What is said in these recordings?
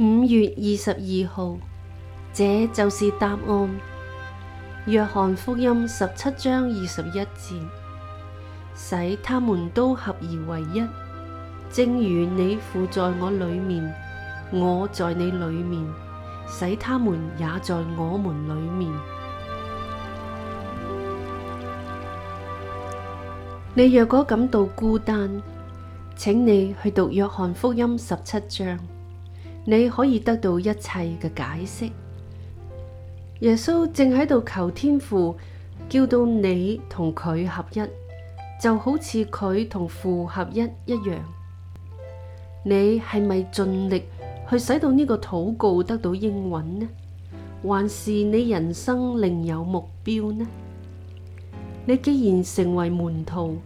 五月二十二號，這就是答案。約翰福音十七章二十一節，使他們都合而為一，正如你父在我裏面，我在你裏面，使他們也在我們裏面。 你若果感到孤單，請你去讀約翰福音十七章。你可以得到一切嘅解釋。耶穌正喺度求天父，叫到你同佢合一，就好似佢同父合一一樣。你係咪盡力去使到呢個禱告得到應允呢？還是你人生另有目標呢？你既然成為門徒，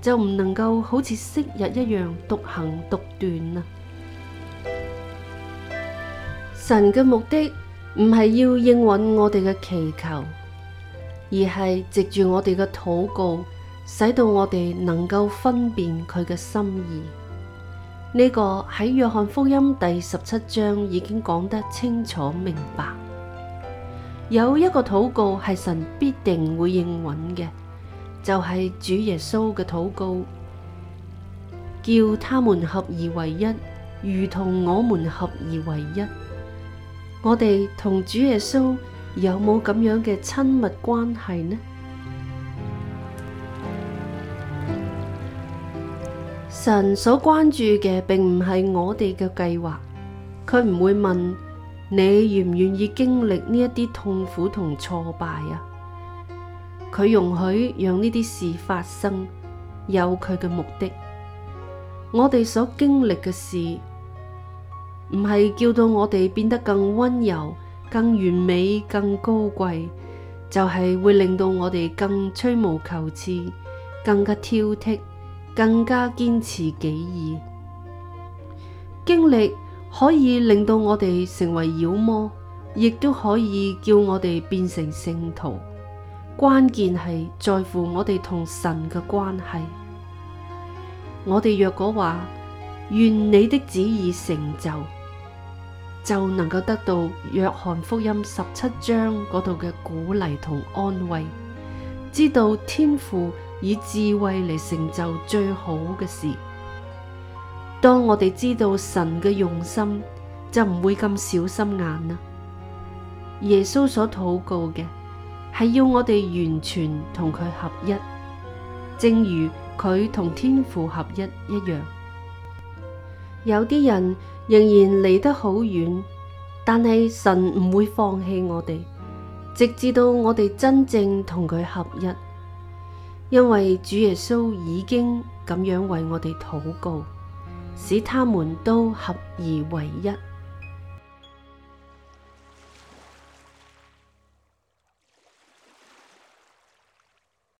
就唔能夠好似昔日一樣獨行獨斷啊！神嘅目的唔係要應允我哋嘅祈求，而係藉住我哋嘅禱告，使到我哋能夠分辨佢嘅心意。呢、這個喺約翰福音第十七章已經講得清楚明白。有一個禱告係神必定會應允嘅，就係、是、主耶穌嘅禱告，叫他們合而為一，如同我們合而為一。我哋同主耶穌有冇咁樣嘅親密關係呢？神所關注嘅並唔係我哋嘅計劃，佢唔會問你願唔願意經歷呢一啲痛苦同挫敗啊？佢容許讓呢啲事發生，有佢嘅目的。我哋所經歷嘅事，唔係叫到我哋變得更溫柔、更完美、更高貴，就係會令到我哋更吹毛求疵、更加挑剔、更加堅持己意。經歷可以令到我哋成為妖魔，亦都可以叫我哋變成聖徒。關鍵係在乎我哋同神嘅關係。我哋若果話，願你的旨意成就。就能夠得到約翰福音十七章嗰度嘅鼓勵同安慰，知道天父以智慧嚟成就最好嘅事。當我哋知道神嘅用心，就唔會咁小心眼啦。耶穌所禱告嘅係要我哋完全同佢合一，正如佢同天父合一一樣。有啲人，仍然離得好遠，但係神唔會放棄我哋，直至到我哋真正同佢合一，因為主耶穌已經咁樣為我哋禱告，使他們都合而為一。